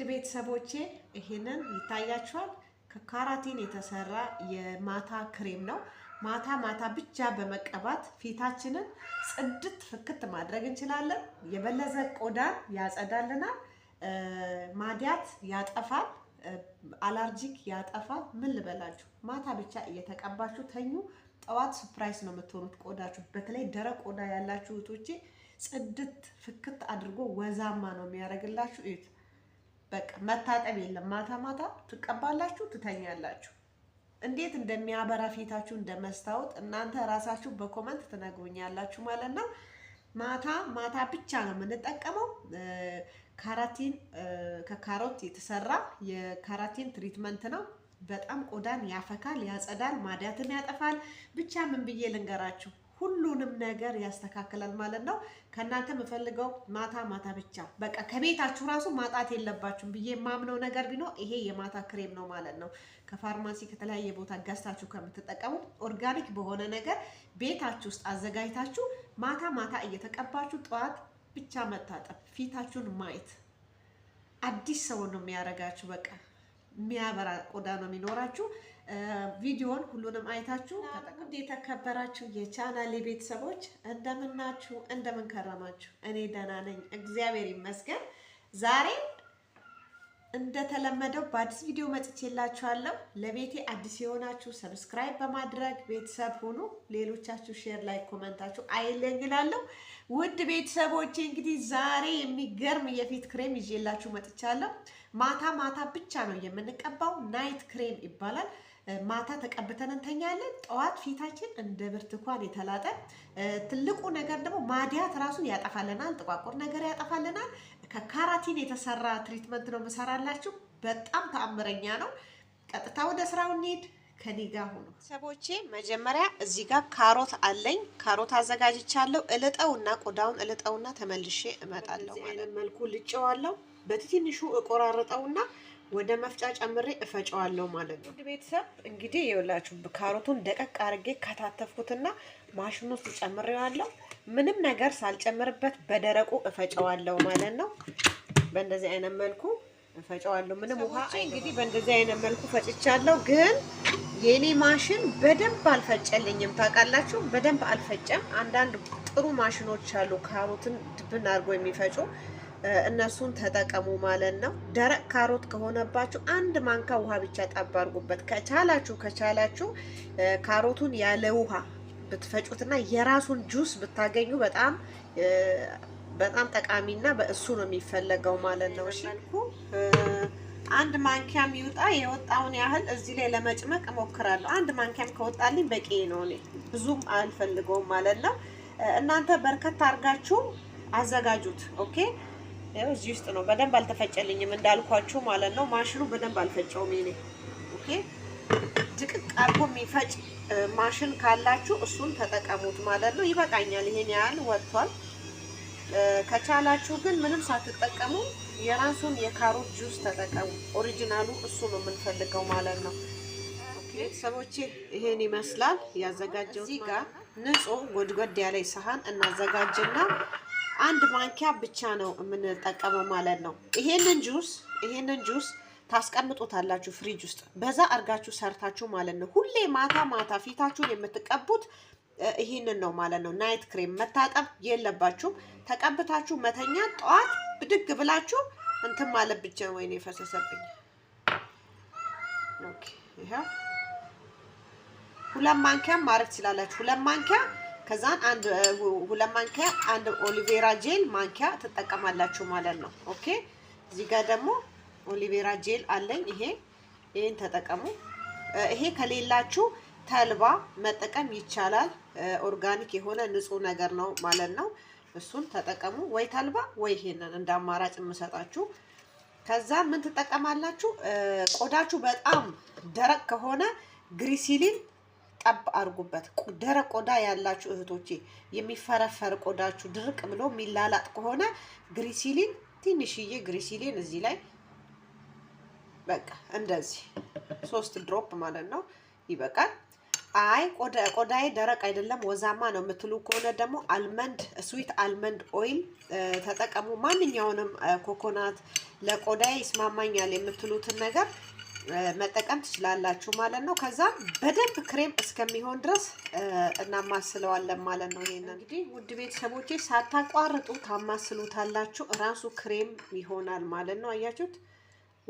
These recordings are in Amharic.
ውድ ቤተሰቦቼ ይሄንን ይታያችኋል። ከካራቲን የተሰራ የማታ ክሬም ነው። ማታ ማታ ብቻ በመቀባት ፊታችንን ጽድት ፍክት ማድረግ እንችላለን። የበለዘ ቆዳን ያጸዳልናል፣ ማዲያት ያጠፋል፣ አላርጂክ ያጠፋል። ምን ልበላችሁ፣ ማታ ብቻ እየተቀባችሁ ተኙ። ጠዋት ሱፕራይስ ነው የምትሆኑት ቆዳችሁ። በተለይ ደረቅ ቆዳ ያላችሁ እህቶቼ ጽድት ፍክት አድርጎ ወዛማ ነው የሚያደርግላችሁ። እዩት። በቃ መታጠብ የለም። ማታ ማታ ትቀባላችሁ፣ ትተኛላችሁ። እንዴት እንደሚያበራ ፊታችሁ እንደመስታወት እናንተ ራሳችሁ በኮመንት ትነግሩኛላችሁ ማለት ነው። ማታ ማታ ብቻ ነው የምንጠቀመው ካራቲን ከካሮት የተሰራ የካራቲን ትሪትመንት ነው። በጣም ቆዳን ያፈካል፣ ያጸዳል፣ ማዳትን ያጠፋል። ብቻ ምን ብዬ ልንገራችሁ ሁሉንም ነገር ያስተካክላል ማለት ነው። ከእናንተ የምፈልገው ማታ ማታ ብቻ በቃ ከቤታችሁ ራሱ ማጣት የለባችሁም ብዬ የማምነው ነገር ቢኖር ይሄ የማታ ክሬም ነው ማለት ነው። ከፋርማሲ ከተለያየ ቦታ ገዝታችሁ ከምትጠቀሙት ኦርጋኒክ በሆነ ነገር ቤታችሁ ውስጥ አዘጋጅታችሁ ማታ ማታ እየተቀባችሁ ጠዋት ብቻ መታጠብ፣ ፊታችሁን ማየት አዲስ ሰው ነው የሚያደርጋችሁ በቃ የሚያበራ ቆዳ ነው የሚኖራችሁ። ቪዲዮን ሁሉንም አይታችሁ ውድ የቻናል የቻናሌ ቤተሰቦች እንደምናችሁ እንደምንከረማችሁ፣ እኔ ደህና ነኝ፣ እግዚአብሔር ይመስገን ዛሬ እንደተለመደው በአዲስ ቪዲዮ መጥቼላችኋለሁ። ለቤቴ አዲስ የሆናችሁ ሰብስክራይብ በማድረግ ቤተሰብ ሆኑ። ሌሎቻችሁ ሼር ላይ ኮመንታችሁ አይለኝላለሁ። ውድ ቤተሰቦቼ እንግዲህ ዛሬ የሚገርም የፊት ክሬም ይዤላችሁ መጥቻለሁ። ማታ ማታ ብቻ ነው የምንቀባው። ናይት ክሬም ይባላል። ማታ ተቀብተን እንተኛለን። ጠዋት ፊታችን እንደ ብርቱካን የተላጠ ትልቁ ነገር ደግሞ ማዲያት ራሱን ያጠፋልናል፣ ጥቋቁር ነገር ያጠፋልናል። ከካራቲን የተሰራ ትሪትመንት ነው የምሰራላችሁ። በጣም ተአምረኛ ነው። ቀጥታ ወደ ስራው እንሂድ። ከኔ ጋር ሆኖ ሰቦቼ፣ መጀመሪያ እዚህ ጋር ካሮት አለኝ። ካሮት አዘጋጅቻለሁ። እልጠውና ቆዳውን እልጠውና ተመልሼ እመጣለሁ ማለት መልኩ ልጬዋለሁ። በትንሹ እቆራረጠውና ወደ መፍጫ ጨምሬ እፈጨዋለሁ ማለት ነው። ቤተሰብ እንግዲህ የውላችሁ ካሮቱን ደቀቅ አድርጌ ከታተፍኩትና ማሽኑ ውስጥ ጨምሬዋለሁ። ምንም ነገር ሳልጨምርበት በደረቁ እፈጨዋለሁ ማለት ነው። በእንደዚህ አይነት መልኩ እፈጨዋለሁ። ምንም ውሃ እንግዲህ በእንደዚህ አይነት መልኩ ፈጭቻለሁ። ግን የኔ ማሽን በደንብ አልፈጨልኝም። ታውቃላችሁ፣ በደንብ አልፈጨም። አንዳንድ ጥሩ ማሽኖች አሉ ካሮትን ድብን አድርጎ የሚፈጩ እነሱን ተጠቀሙ ማለት ነው። ደረቅ ካሮት ከሆነባችሁ አንድ ማንካ ውሃ ብቻ ጣባ አድርጉበት። ከቻላችሁ ከቻላችሁ ካሮቱን ያለ ውሃ ብትፈጩትና የራሱን ጁስ ብታገኙ በጣም በጣም ጠቃሚና በእሱ ነው የሚፈለገው ማለት ነው። እሺ አንድ ማንኪያ የሚወጣ የወጣውን ያህል እዚህ ላይ ለመጭመቅ እሞክራለሁ። አንድ ማንኪያም ከወጣልኝ በቂ ነው። እኔ ብዙም አልፈልገውም ማለት ነው። እናንተ በርከት አድርጋችሁ አዘጋጁት። ኦኬ ያው እዚህ ውስጥ ነው። በደንብ አልተፈጨልኝም እንዳልኳችሁ ማለት ነው። ማሽኑ በደንብ አልፈጨውም። ይሄ ኦኬ። ድቅቅ አርጎ የሚፈጭ ማሽን ካላችሁ እሱን ተጠቀሙት ማለት ነው። ይበቃኛል። ይሄን ያህል ወጥቷል። ከቻላችሁ ግን ምንም ሳትጠቀሙ የራሱን የካሮት ጁስ ተጠቀሙ። ኦሪጂናሉ እሱ ነው የምንፈልገው ማለት ነው። ቤተሰቦቼ ይሄን ይመስላል ያዘጋጀው። እዚህ ጋር ንጹህ ጎድጎድ ያለ ሰሃን እናዘጋጅና አንድ ማንኪያ ብቻ ነው የምንጠቀመው ማለት ነው። ይሄንን ጁስ ይሄንን ጁስ ታስቀምጡታላችሁ ፍሪጅ ውስጥ በዛ አርጋችሁ ሰርታችሁ ማለት ነው። ሁሌ ማታ ማታ ፊታችሁን የምትቀቡት ይህንን ነው ማለት ነው። ናይት ክሬም መታጠብ የለባችሁም። ተቀብታችሁ መተኛ፣ ጠዋት ብድግ ብላችሁ እንትን ማለት ብቻ። ወይኔ የፈሰሰብኝ። ሁለት ማንኪያም ማድረግ ትችላላችሁ። ሁለት ማንኪያ ከዛን አንድ ሁለት ማንኪያ አንድ ኦሊቬራ ጄል ማንኪያ ትጠቀማላችሁ ማለት ነው። ኦኬ እዚህ ጋር ደግሞ ኦሊቬራ ጄል አለኝ። ይሄ ይሄን ተጠቀሙ። ይሄ ከሌላችሁ ተልባ መጠቀም ይቻላል። ኦርጋኒክ የሆነ ንጹህ ነገር ነው ማለት ነው። እሱን ተጠቀሙ። ወይ ተልባ ወይ ይሄንን እንደ አማራጭ የምሰጣችሁ። ከዛ ምን ትጠቀማላችሁ? ቆዳችሁ በጣም ደረቅ ከሆነ ግሪሲሊን ጠብ አድርጉበት። ደረቅ ቆዳ ያላችሁ እህቶቼ የሚፈረፈር ቆዳችሁ ድርቅ ብሎ የሚላላጥ ከሆነ ግሪሲሊን ትንሽዬ ግሪሲሊን እዚህ ላይ በቃ እንደዚህ ሶስት ድሮፕ ማለት ነው ይበቃል። አይ ቆዳዬ ደረቅ አይደለም ወዛማ ነው የምትሉ ከሆነ ደግሞ አልመንድ ስዊት አልመንድ ኦይል ተጠቀሙ። ማንኛውንም ኮኮናት ለቆዳዬ ይስማማኛል የምትሉትን ነገር መጠቀም ትችላላችሁ ማለት ነው። ከዛ በደንብ ክሬም እስከሚሆን ድረስ እናማስለዋለን ማለት ነው። ይሄንን እንግዲህ ውድ ቤተሰቦቼ ሳታቋርጡ ታማስሉታላችሁ። እራሱ ክሬም ይሆናል ማለት ነው። አያችሁት?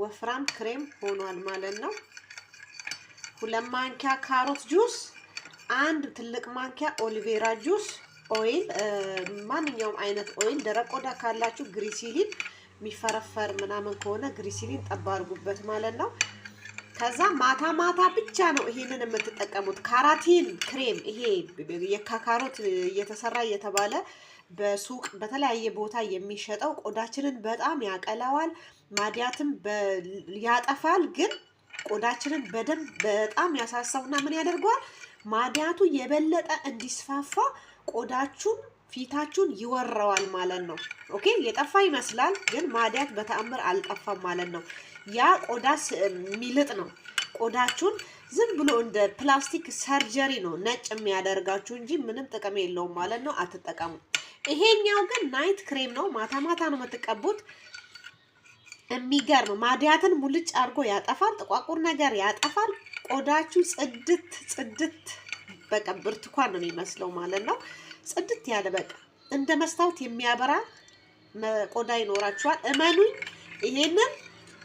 ወፍራም ክሬም ሆኗል ማለት ነው። ሁለት ማንኪያ ካሮት ጁስ፣ አንድ ትልቅ ማንኪያ ኦሊቬራ ጁስ ኦይል፣ ማንኛውም አይነት ኦይል፣ ደረቅ ቆዳ ካላችሁ ግሪሲሊን፣ የሚፈረፈር ምናምን ከሆነ ግሪሲሊን ጠብ አድርጉበት ማለት ነው። ከዛ ማታ ማታ ብቻ ነው ይሄንን የምትጠቀሙት። ካራቲን ክሬም ይሄ የካካሮት እየተሰራ እየተባለ በሱቅ በተለያየ ቦታ የሚሸጠው ቆዳችንን በጣም ያቀላዋል ማዲያትም ያጠፋል። ግን ቆዳችንን በደንብ በጣም ያሳሳውና ምን ያደርገዋል? ማዲያቱ የበለጠ እንዲስፋፋ ቆዳችሁን ፊታችሁን ይወረዋል ማለት ነው። ኦኬ የጠፋ ይመስላል፣ ግን ማዲያት በተአምር አልጠፋም ማለት ነው። ያ ቆዳ የሚልጥ ነው። ቆዳችሁን ዝም ብሎ እንደ ፕላስቲክ ሰርጀሪ ነው ነጭ የሚያደርጋችሁ እንጂ ምንም ጥቅም የለውም ማለት ነው። አትጠቀሙ። ይሄኛው ግን ናይት ክሬም ነው። ማታ ማታ ነው የምትቀቡት። የሚገርም ማዲያትን ሙልጭ አድርጎ ያጠፋል። ጥቋቁር ነገር ያጠፋል። ቆዳችሁ ጽድት ጽድት በቃ ብርቱካን ነው የሚመስለው ማለት ነው። ጽድት ያለ በቃ እንደ መስታወት የሚያበራ ቆዳ ይኖራችኋል። እመኑኝ ይሄንን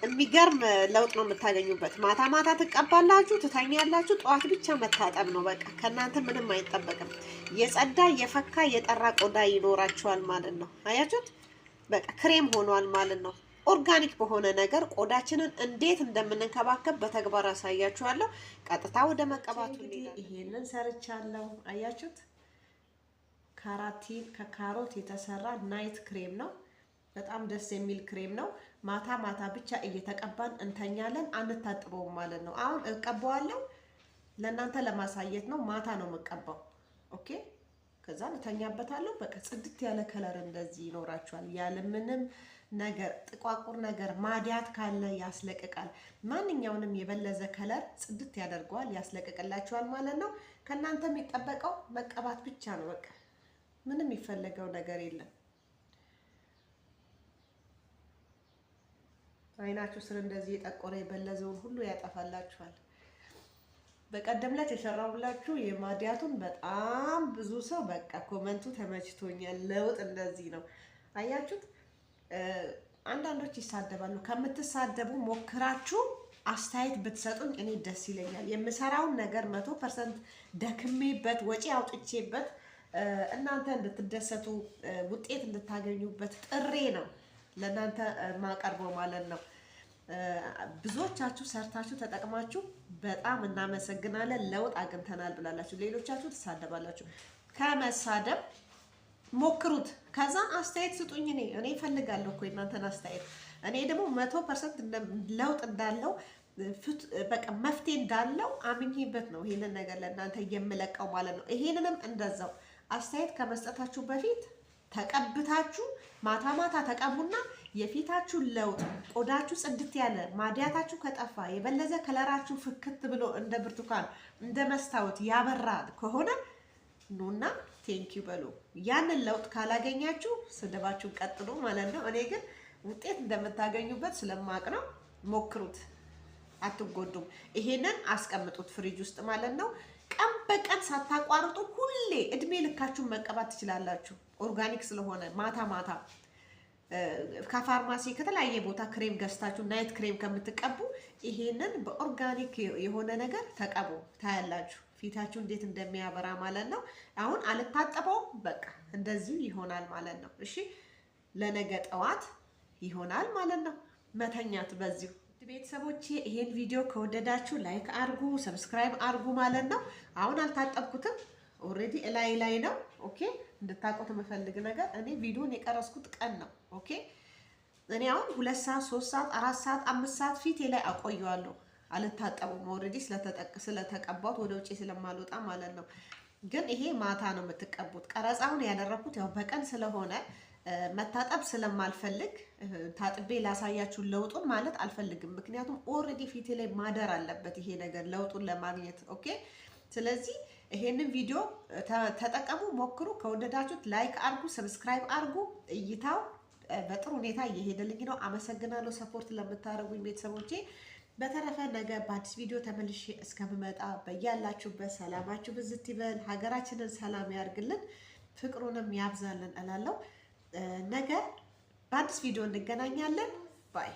የሚገርም ለውጥ ነው የምታገኙበት። ማታ ማታ ትቀባላችሁ፣ ትተኛላችሁ። ጠዋት ብቻ መታጠብ ነው በቃ። ከእናንተ ምንም አይጠበቅም። የጸዳ የፈካ የጠራ ቆዳ ይኖራችኋል ማለት ነው። አያችሁት? በቃ ክሬም ሆኗል ማለት ነው። ኦርጋኒክ በሆነ ነገር ቆዳችንን እንዴት እንደምንንከባከብ በተግባር አሳያችኋለሁ። ቀጥታ ወደ መቀባቱ ይሄንን ሰርቻለሁ። አያችሁት? ካራቲን ከካሮት የተሰራ ናይት ክሬም ነው። በጣም ደስ የሚል ክሬም ነው። ማታ ማታ ብቻ እየተቀባን እንተኛለን፣ አንታጥበውም ማለት ነው። አሁን እቀባዋለሁ ለእናንተ ለማሳየት ነው። ማታ ነው የምቀባው። ኦኬ ከዛ እንተኛበታለሁ በቃ ጽድት ያለ ከለር እንደዚህ ይኖራችኋል። ምንም ነገር ጥቋቁር ነገር ማዲያት ካለ ያስለቅቃል። ማንኛውንም የበለዘ ከለር ጽድት ያደርገዋል፣ ያስለቅቅላችኋል ማለት ነው። ከእናንተ የሚጠበቀው መቀባት ብቻ ነው። በቃ ምንም የሚፈለገው ነገር የለም። አይናችሁ ስር እንደዚህ የጠቆረ የበለዘውን ሁሉ ያጠፋላችኋል። በቀደም ዕለት የሰራሁላችሁ የማዲያቱን በጣም ብዙ ሰው በቃ ኮመንቱ ተመችቶኛል። ለውጥ እንደዚህ ነው። አያችሁት? አንዳንዶች ይሳደባሉ። ከምትሳደቡ ሞክራችሁ አስተያየት ብትሰጡኝ እኔ ደስ ይለኛል። የምሰራውን ነገር መቶ ፐርሰንት ደክሜበት ወጪ አውጥቼበት እናንተ እንድትደሰቱ ውጤት እንድታገኙበት ጥሬ ነው። ለእናንተ ማቀርበው ማለት ነው። ብዙዎቻችሁ ሰርታችሁ ተጠቅማችሁ በጣም እናመሰግናለን ለውጥ አግኝተናል ብላላችሁ፣ ሌሎቻችሁ ትሳደባላችሁ። ከመሳደብ ሞክሩት፣ ከዛ አስተያየት ስጡኝ። እኔ እኔ እፈልጋለሁ እኮ የእናንተን አስተያየት። እኔ ደግሞ መቶ ፐርሰንት ለውጥ እንዳለው በቃ መፍትሄ እንዳለው አምኜበት ነው ይሄንን ነገር ለእናንተ የምለቀው ማለት ነው። ይሄንንም እንደዛው አስተያየት ከመስጠታችሁ በፊት ተቀብታችሁ ማታ ማታ ተቀቡና የፊታችሁ ለውጥ ቆዳችሁ ጽድት ያለ ማዲያታችሁ ከጠፋ የበለዘ ከለራችሁ ፍክት ብሎ እንደ ብርቱካን እንደ መስታወት ያበራ ከሆነ ኑና ቴንኪ በሉ። ያንን ለውጥ ካላገኛችሁ ስድባችሁን ቀጥሉ ማለት ነው። እኔ ግን ውጤት እንደምታገኙበት ስለማቅ ነው። ሞክሩት፣ አትጎዱም። ይሄንን አስቀምጡት ፍሪጅ ውስጥ ማለት ነው። ቀን በቀን ሳታቋርጡ ሁሌ እድሜ ልካችሁን መቀባት ትችላላችሁ። ኦርጋኒክ ስለሆነ ማታ ማታ ከፋርማሲ ከተለያየ ቦታ ክሬም ገዝታችሁ ናይት ክሬም ከምትቀቡ ይሄንን በኦርጋኒክ የሆነ ነገር ተቀቡ። ታያላችሁ ፊታችሁ እንዴት እንደሚያበራ ማለት ነው። አሁን አልታጠበውም፣ በቃ እንደዚሁ ይሆናል ማለት ነው። እሺ ለነገ ጠዋት ይሆናል ማለት ነው። መተኛት በዚሁ ቤተሰቦቼ ይሄን ቪዲዮ ከወደዳችሁ ላይክ አርጉ፣ ሰብስክራይብ አርጉ ማለት ነው። አሁን አልታጠብኩትም፣ ኦልሬዲ እላይ ላይ ነው። ኦኬ እንድታቆት የምፈልግ ነገር እኔ ቪዲዮን የቀረስኩት ቀን ነው። ኦኬ እኔ አሁን ሁለት ሰዓት ሶስት ሰዓት አራት ሰዓት አምስት ሰዓት ፊቴ ላይ አቆየዋለሁ። አልታጠቡም ኦልሬዲ ስለተቀባሁት ወደ ውጭ ስለማልወጣ ማለት ነው። ግን ይሄ ማታ ነው የምትቀቡት። ቀረጻውን ያደረኩት ያው በቀን ስለሆነ መታጠብ ስለማልፈልግ ታጥቤ ላሳያችሁ ለውጡን ማለት አልፈልግም። ምክንያቱም ኦልሬዲ ፊቴ ላይ ማደር አለበት ይሄ ነገር ለውጡን ለማግኘት ኦኬ። ስለዚህ ይሄንን ቪዲዮ ተጠቀሙ፣ ሞክሩ። ከወደዳችሁት ላይክ አርጉ፣ ሰብስክራይብ አርጉ። እይታው በጥሩ ሁኔታ እየሄደልኝ ነው። አመሰግናለሁ ሰፖርት ለምታደርጉኝ ቤተሰቦቼ። በተረፈ ነገ በአዲስ ቪዲዮ ተመልሼ እስከምመጣ በያላችሁበት ሰላማችሁ ብዝት ይበል። ሀገራችንን ሰላም ያርግልን፣ ፍቅሩንም ያብዛልን እላለሁ። ነገ በአዲስ ቪዲዮ እንገናኛለን። ባይ